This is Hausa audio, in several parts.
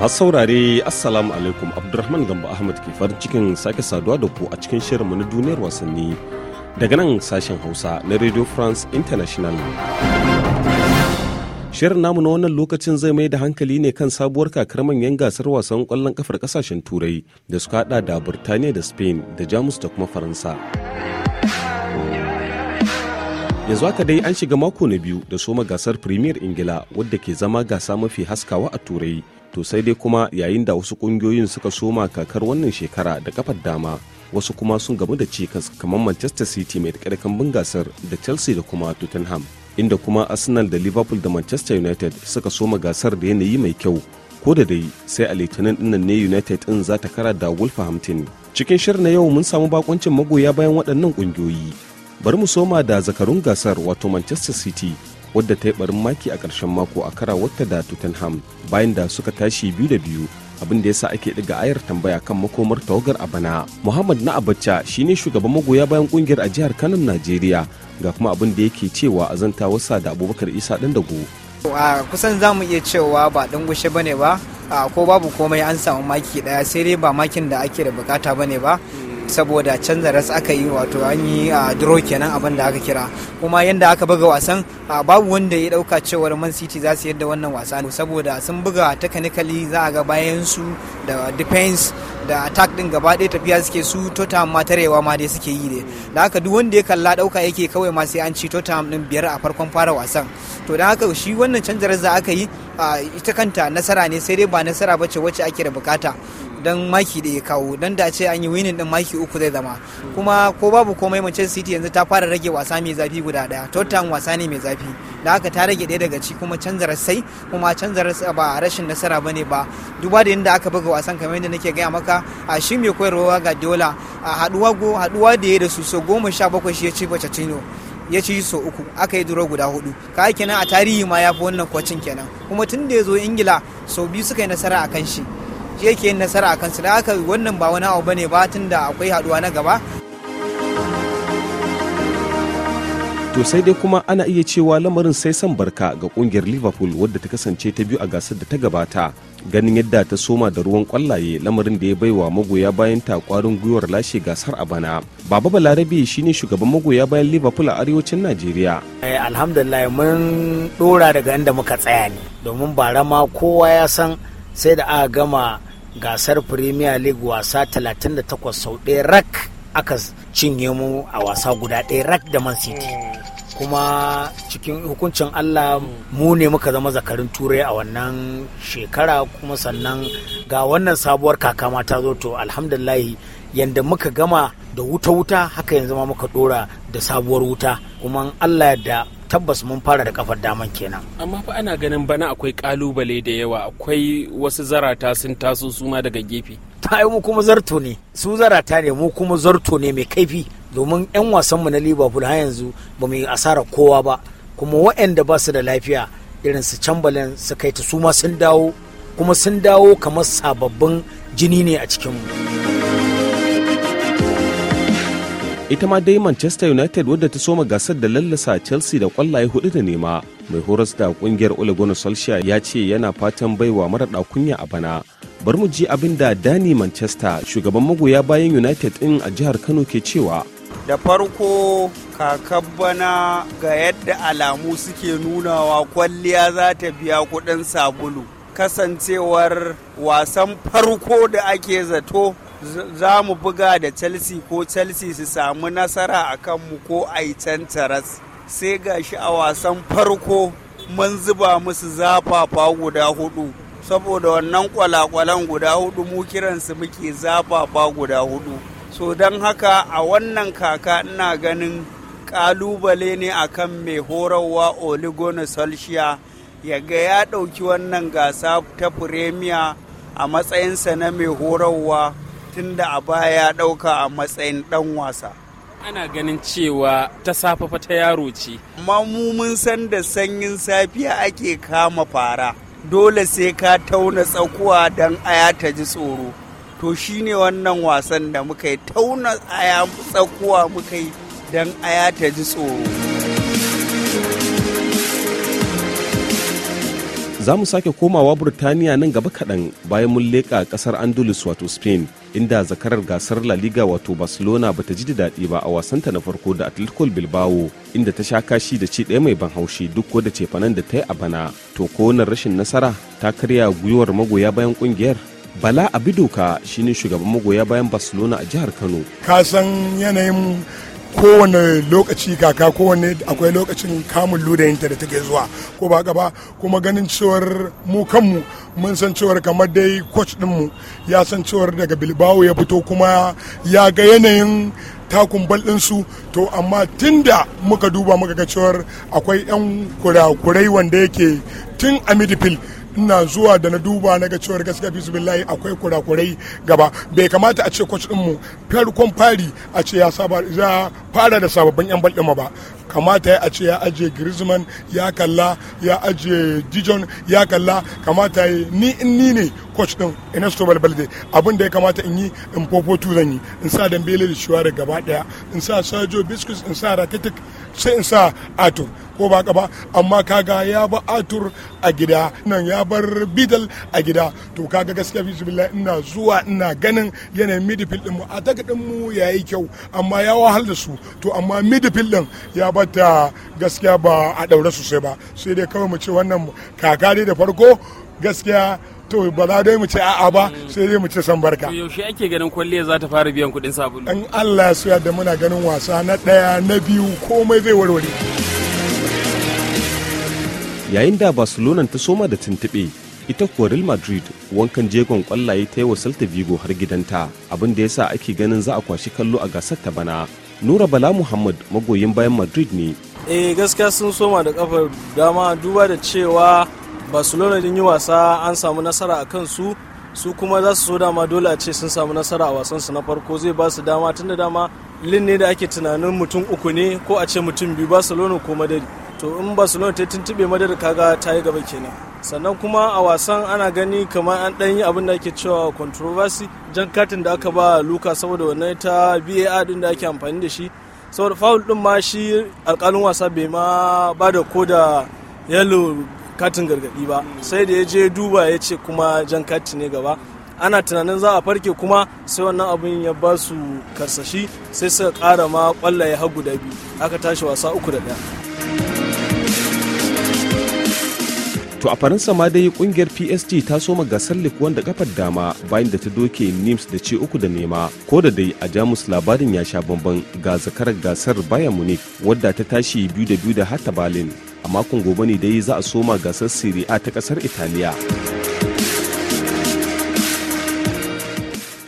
masu saurare assalamu alaikum abdulrahman gamba ahmad ke farin cikin sake saduwa da ku a cikin shirinmu na duniyar wasanni daga nan sashen hausa na radio france international shirin namu na wannan lokacin zai mai da hankali ne kan sabuwar kakar manyan gasar wasan kwallon kafar kasashen turai da suka hada da burtaniya da spain da jamus da kuma faransa yanzu haka dai an shiga mako na biyu da soma gasar premier ingila wadda ke zama gasa mafi haskawa a turai to sai dai kuma yayin da wasu kungiyoyin suka soma kakar wannan shekara da kafar dama wasu kuma sun gamu da cikas kamar manchester city mai karkan gasar da chelsea da kuma tottenham inda kuma arsenal da liverpool da manchester united suka soma gasar da yanayi mai kyau ko da dai sai a litinin dinnan ne united din za ta kara da wolverhampton cikin shirin na yau mun samu bakoncin magoya bayan waɗannan ƙungiyoyi bari mu soma da zakarun gasar wato manchester city wadda ta yi barin maki a ƙarshen mako a kara wata da tottenham bayan da suka tashi biyu da biyu abin da yasa ake ɗiga ayar tambaya kan makomar tawagar a bana muhammad na abacha shine shugaban magoya bayan kungiyar a jihar kano najeriya ga kuma abin da yake cewa a zanta wasa da abubakar isa ɗan dago a kusan za mu iya cewa ba ɗan gushe ba ne ba ko babu komai an samu maki ɗaya sai dai ba makin da ake da bukata ba ne ba saboda canza ras aka yi wato an yi a duro kenan abin da aka kira kuma yadda aka buga wasan babu wanda ya dauka cewar man city za su yadda wannan wasa saboda sun buga technically za a ga bayan su da defense da attack din gaba ɗaya tafiya suke su Tottenham ma tarewa ma dai suke yi ne da haka duk wanda ya kalla dauka yake kawai ma sai an ci Tottenham din biyar a farkon fara wasan to dan haka shi wannan canza ras da aka yi ita kanta nasara ne sai dai ba nasara bace wacce ake da bukata Dan maki da ya kawo Dan da ce an yi winning din maki uku zai zama kuma ko babu komai mace City yanzu ta fara rage wasa mai zafi guda daya Tottenham wasa ne mai zafi da haka ta rage daya daga ci kuma canza sai kuma canza rasai ba rashin nasara bane ba duba da yadda aka buga wasan kamar yadda nake gaya maka a shi mai koyarwa ga Dola a haduwa go haduwa da ya da su so goma sha bakwai shi ya ci Cino, ya ci so uku aka yi duro guda hudu ka kenan a tarihi ma ya fi wannan kwacin kenan kuma tun da ya zo ingila sau biyu suka yi nasara a kan shi yake yin nasara a kansu da haka wannan ba wani abu bane ba tun da akwai haduwa na gaba to sai dai kuma ana iya cewa lamarin sai san barka ga kungiyar liverpool wadda ta kasance ta biyu a gasar da ta gabata ganin yadda ta soma da ruwan kwallaye lamarin da ya baiwa magoya bayan ta kwarin gwiwar lashe gasar a bana baba balarabe shine shugaban magoya bayan liverpool a arewacin najeriya eh, alhamdulillah mun dora daga inda muka tsaya ne domin ba ma kowa ya san sai da aka gama gasar premier league wasa 38 sau ɗaya rak aka cinye mu a wasa guda ɗaya rak da man city kuma cikin hukuncin allah mu ne muka zama zakarin turai a wannan shekara kuma sannan ga wannan sabuwar kaka ma ta zo to alhamdulahi yadda muka gama da wuta-wuta haka yanzu ma muka dora da sabuwar wuta kuma allah da tabbas mun fara da kafar daman kenan amma fa ana ganin bana akwai kalubale da yawa akwai wasu zarata sun taso suma daga gefe ta mu kuma zarto ne su zarata ne mu kuma zarto ne mai kaifi domin 'yan wasanmu na liverpool har yanzu ba mu yi asarar kowa ba kuma waɗanda ba su da lafiya irin su chamberlain su kai ta su ma sun dawo kuma sun dawo kamar sababbin jini ne a cikinmu. mu ita ma dai manchester united wadda ta soma gasar da lallasa chelsea da kwallaye hudu da nema mai horas da kungiyar ole gunnar solskjaer ya ce yana fatan baiwa mara kunya a bana bar mu ji abin da dani manchester shugaban magoya bayan united din a jihar kano ke cewa da farko kakar bana ga yadda alamu suke nunawa kwalliya za ta biya kuɗin sabulu kasancewar wasan farko da ake zato za mu buga da chelsea ko chelsea su samu nasara a kanmu ko a yi taras sai gashi a wasan farko mun zuba musu zafafa guda hudu saboda wannan kwalakwalan guda hudu mu kiransu muke zafafa guda hudu so don haka a wannan kaka ina ganin kalubale ne akan mai horarwa oligona solskjaer ya ga ya ɗauki wannan gasa ta premier a matsayinsa na mai horarwa tunda a baya ya ɗauka a matsayin ɗan wasa. Ana ganin cewa ta safafa ta yaro ce. mu mun san da sanyin safiya ake kama fara. Dole sai ka tauna tsakuwa don aya ta ji tsoro. To shi ne wannan wasan da muka yi tauna tsakuwa muka yi don aya ta ji tsoro. za mu sake komawa burtaniya nan gaba kaɗan bayan mun leƙa ƙasar andalus wato spain inda zakarar gasar la liga wato barcelona ba ta ji da daɗi ba a wasanta na farko da atletico bilbao inda ta sha kashi da ci ɗaya mai ban haushi duk ko da cefanen da ta yi a bana to ko rashin nasara ta karya gwiwar magoya bayan ƙungiyar bala a abidoka shine shugaban magoya bayan barcelona a jihar kano ka san yanayin kowane lokaci kaka kowane akwai lokacin kamun ludayinta da take zuwa ko ba gaba kuma ganin cewar mu kanmu mun san cewar kamar dai coach dinmu ya san cewar daga bilbao ya fito kuma ya ga yanayin takun baldinsu to amma tunda muka duba muka ga cewar akwai 'yan kurakurai wanda yake tun a midfield ina zuwa da na duba na ga cewar gaskiya fi billahi akwai kurakurai gaba bai kamata a ce coach din mu farkon fari a ce ya saba za fara da sababbin yan bal ba kamata ya a ce ya ajiye Griezmann ya kalla ya ajiye Dijon ya kalla kamata ni in ni ne coach din Ernesto Balbalde abin da ya kamata in yi in fofotu zan yi in sa Dembele da Shuare gaba daya in sa Sergio Biscuits in sa Rakitic sai in sa Atur ko ba ka ba amma kaga ya ba Atur a gida nan ya bar Bidal a gida to kaga gaskiya bismillah ina zuwa ina ganin yanayin midfield din mu attack din mu yayi kyau amma ya wahal da su to amma midfield din ya bata gaskiya ba a daure sosai ba sai dai kawai mu ce wannan kaka dai da farko gaskiya to ba za dai mu ce a'a ba sai dai mu ce san barka to yaushe ake ganin kwalliya za ta fara biyan kuɗin sabulu in Allah ya soya da muna ganin wasa na ɗaya na biyu komai zai warware yayin da Barcelona ta soma da tuntuɓe ita kuwa real madrid wankan jegon kwallaye ta yi wa celta vigo har gidanta abin da ya sa ake ganin za a kwashi kallo a gasar ta bana nura bala muhammad magoyin bayan madrid ne eh gaskiya sun soma da kafar dama duba da cewa barcelona din yi wasa an samu nasara a kansu su kuma za su so dama dole a ce sun samu nasara a wasansu na farko zai ba su dama tunda dama lin ne da ake tunanin mutum uku ne ko a ce mutum biyu barcelona ko madari to in barcelona ta tuntube madari kaga ta yi gaba kenan sannan kuma a wasan ana gani kamar an ɗan yi abin da ake cewa controversy jan katin da aka ba luka saboda wannan ta var din da ake amfani da shi saboda fawul din ma shi alkalin wasa bai ma ba da ko da yellow katin gargadi ba sai da ya je duba ya ce kuma jan kati ne gaba ana tunanin za a farke kuma sai wannan abin ya ba su karsashi sai suka kara ma kwallaye har guda biyu aka tashi wasa uku da daya. to a faransa ma dai kungiyar psg ta soma gasar likuwan da kafar dama bayan da ta doke nims da ce uku da nema ko da dai a jamus labarin ya sha bamban ga zakarar gasar bayan munich wadda ta tashi biyu da biyu da hata berlin a makon gobe ne dai za a soma gasar serie a ta kasar italiya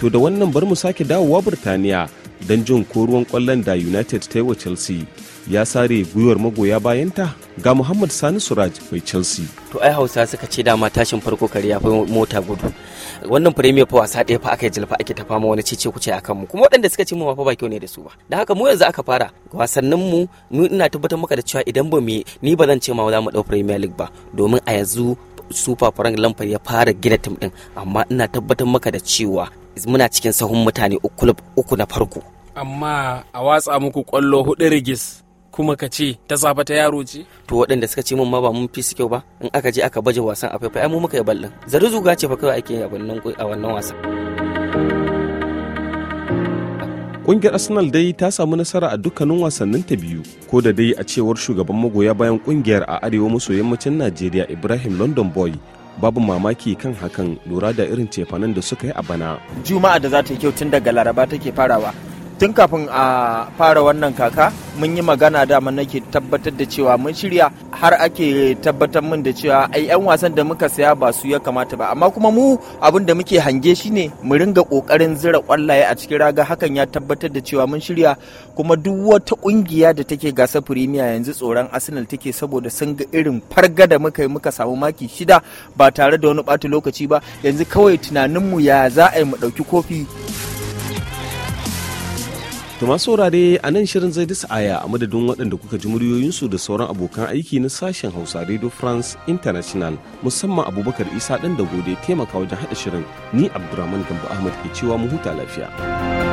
to da wannan bar mu sake dawowa burtaniya. don jin ko ruwan kwallon da united ta yi wa chelsea ya sare gwiwar magoya bayanta ga muhammad sani suraj mai chelsea to ai hausa suka ce dama tashin farko kare ya fi mota gudu wannan premier fa wasa ɗaya fa aka yi jilfa ake ta fama wani cece kuce akan mu kuma waɗanda suka ce mu fa ba kyau ne da su ba da haka mu yanzu aka fara wasannin mu ni ina tabbatar maka da cewa idan ba mu ni ba zan ce ma za mu ɗau premier league ba domin a yanzu super frank lampard ya fara gina tim din amma ina tabbatar maka da cewa muna cikin sahun mutane uku na farko amma a watsa muku kwallo hudu rigis kuma ka ce ta safa ta yaro ce to waɗanda suka ce mun ma ba mun fi su kyau ba in aka je aka baje wasan a faifai ai mu muka yi ballin zaru zuga ce fa kawai ake a wannan a wannan wasan Ƙungiyar Arsenal dai ta samu nasara a dukkanin wasannin ta biyu, ko da dai a cewar shugaban magoya bayan ƙungiyar a arewa maso yammacin Najeriya Ibrahim London Boy babu mamaki kan hakan lura da irin cefanen da suka yi a bana. Juma'a da za ta yi kyau tun daga Laraba take farawa tun kafin a fara wannan kaka mun yi magana dama nake tabbatar da cewa mun shirya har ake tabbatar min da cewa ai yan wasan da muka saya ba su ya kamata ba amma kuma mu abin da muke hange shi ne mu ringa kokarin zira kwallaye a cikin raga hakan ya tabbatar da cewa mun shirya kuma duk wata kungiya da take gasa premier yanzu tsoron arsenal take saboda sun ga irin farga da muka yi muka samu maki shida ba tare da wani ɓata lokaci ba yanzu kawai tunaninmu ya za a yi mu ɗauki kofi To masu saurare a nan shirin zai disa aya a madadin waɗanda kuka ji muryoyinsu da sauran abokan aiki na sashen Hausa Radio France International musamman Abubakar Isa ɗan da gode taimaka wajen haɗa shirin ni Abdulrahman Gambo Ahmad ke cewa mu huta lafiya.